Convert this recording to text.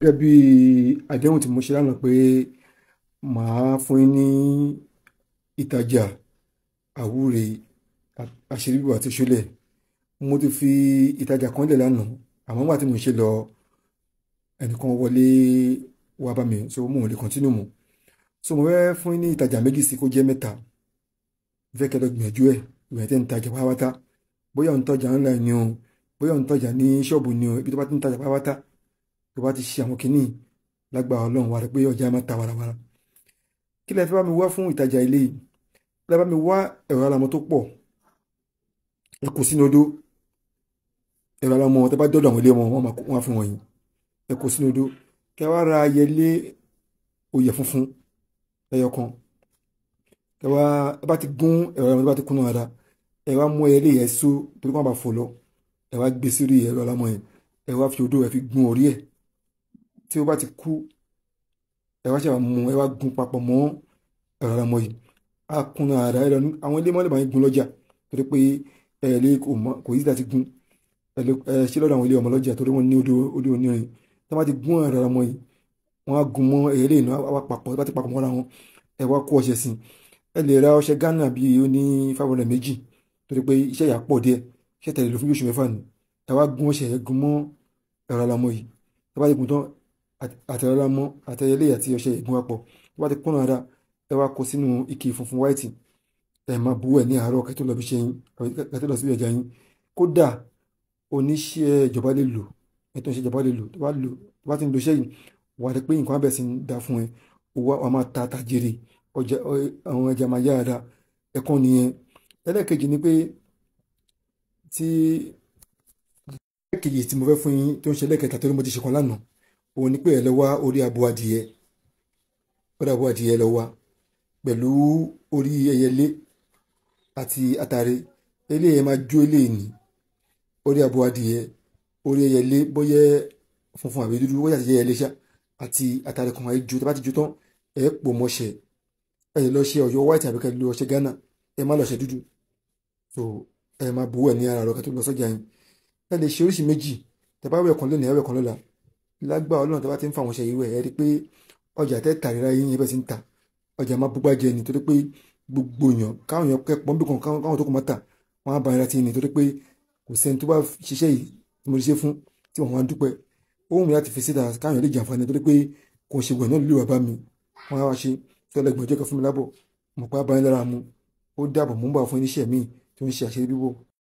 gẹ́gẹ́ bí àdéhùn tí mo ṣe lánàá pé màá fún yín ní ìtajà àwúre àṣírígbò àti ṣúlẹ̀ mo ti fi ìtajà kan lẹ̀ lánàá àmọ́ nígbà tí mo ṣe lọ ẹnìkan wọlé wá bá mi so mo lè kọ́ntínú mu so mo fẹ́ fún yín ní ìtajà méjì sí kó jẹ́ mẹ́ta fẹ́ kẹ́ lọ gbìyànjú ẹ̀ ìgbìyànjú ẹ̀ ń tajà pátápátá bóyá ń tọ́jà ńlá ni o bóyá ń tọ́jà ní ṣọ́ọ̀bù ni o ibi tó bá ti ń tajà pátápátá tó bá ti ṣe àwọn kìíní lágbà ọlọ́run wa rẹ̀ pé ọjà máa ta warawara kí lẹ fẹ́ bá mi wá fún ìtajà ilé yìí kí lẹ bá mi wá ẹ̀rọ alamọ tó pọ̀ ẹ kò sínú odó ẹ̀rọ alamọ wọn tẹ́ bá dọ́dọ̀ àwọn ilé wọn wọn fi wọ̀nyí ẹ kò sínú odó kí ẹ wá ra ayẹlé oyè funfun ẹyọ ẹ wá ẹ bá ti gún ẹ̀rọ alamọ tó bá ti kúnnú ara ẹ wá mú ẹyẹlé yẹn so torí kí wọn bá fò lọ ẹ wá gbé sórí ẹ̀rọ alamọ yẹn ẹ wá fi odó ẹ fi gún orí ẹ̀ tí ó bá ti kú ẹ wá ṣàwọn mú ẹ wá gun papọ̀ mọ́ ẹ̀rọ ọmọ yìí a kun ara ẹ lọ́nu àwọn ilé mọ́lẹ̀ bá yín gun lọ́jà torí pé ẹ lè kò yí láti gun ẹ ṣe lọ́dọ̀ àwọn ilé ọmọ lọ́jà torí wọ́n ní odò onírin tí wọ́n bá ti gun ẹ̀rọ ọmọ yìí wọ́n á gun mọ́ eré ìná wá papọ̀ bá ti papọ̀ mọ́ra wọn ẹ wá kó ọṣẹ sí ẹ lè ra ọṣẹ Ghana bíi ó ní five hundred méjì torí pé iṣẹ́ yà pọ̀ díẹ̀ iṣẹ́ tẹ̀lé lọ fún oṣù mẹ́fà àtẹ̀rọ̀lá mọ́ àtẹ̀yẹlé àti ọṣẹ ìgún papọ̀ tó bá ti pọ́n dáadáa ẹ wá kó sínú ike funfun wáìtì ẹ máa bu ẹ̀ ní àárọ̀ kẹ́tọ́ lọ bí ṣe yín kẹ́tọ́ lọ sí ọjà yín kódà oníṣẹ́ ìjọba lè lò ẹ̀tọ́ ìṣe ìjọba lè lò tó bá lò tó bá ti ń lo iṣẹ́ yìí wà á ti pé nǹkan abẹ́ sí ń da fún ẹ owó àwọn máa ta tàjèrè ọjà àwọn ẹja máa yára ẹ̀kọ́ nìyẹn ẹlẹ́ẹ̀kejì ni pé tí ẹlẹ́ẹ̀kejì tí mo fẹ́ fún yín tó ń ṣe ẹlẹ́ẹ̀kẹta torí mo ti ṣe kan lánàá òun ni pé ẹ lọ wá orí abo adìyẹ orí abo adìyẹ lọ wá pẹ̀lú orí ẹyẹlé àti àtàrí eléyẹ máa jó eléyìí ní orí abo adìyẹ orí ẹyẹlé bóyá funfun àbí dúdú bóyá àti ẹyẹlé ṣá àti àtàrí kan ẹ jó tí a bá ti jó tán ẹ pò mọ́ṣẹ ẹ lọ ṣe Ọ̀yọ́ white àbíkẹ lọ ṣe Ghana ẹ má lọ ṣe dúdú so ẹ máa bu ẹ ní ara rẹ kẹtù lọ sọjà yín ẹ lè ṣe oríṣi méjì tẹ bá wẹ kan lónìí ẹ wẹ kan lọ́la lágbà ọlọ́run tó bá ti ń fa àwọn iṣẹ́ irú ẹ̀ ẹ́ rí pé ọjà tẹ́ tà rírà yín yẹn bẹ́ẹ̀ ti ń ta ọjà máa búgbà jẹ ni torí pé gbogbo èèyàn káwọn èèyàn kẹ́pọ̀ ń bí kan káwọn tó kọ́ mọ́ tà wọ́n á ba ara ti ni torí pé kò sẹ́ni tó bá ṣiṣẹ́ yìí tí mo ṣe fún tí wọ́n wá ń dúpẹ́ ohun mi láti fi síta káwọn lè jàǹfààní torí pé kò ṣe gbọ̀n náà lè wà bá mi wọ́n á wá ṣe tọ́lẹ̀gbọ̀n ọjọ́ kan fún mi lábọ̀ mọ̀ pé abáyé lára mu ó dàbọ̀ mò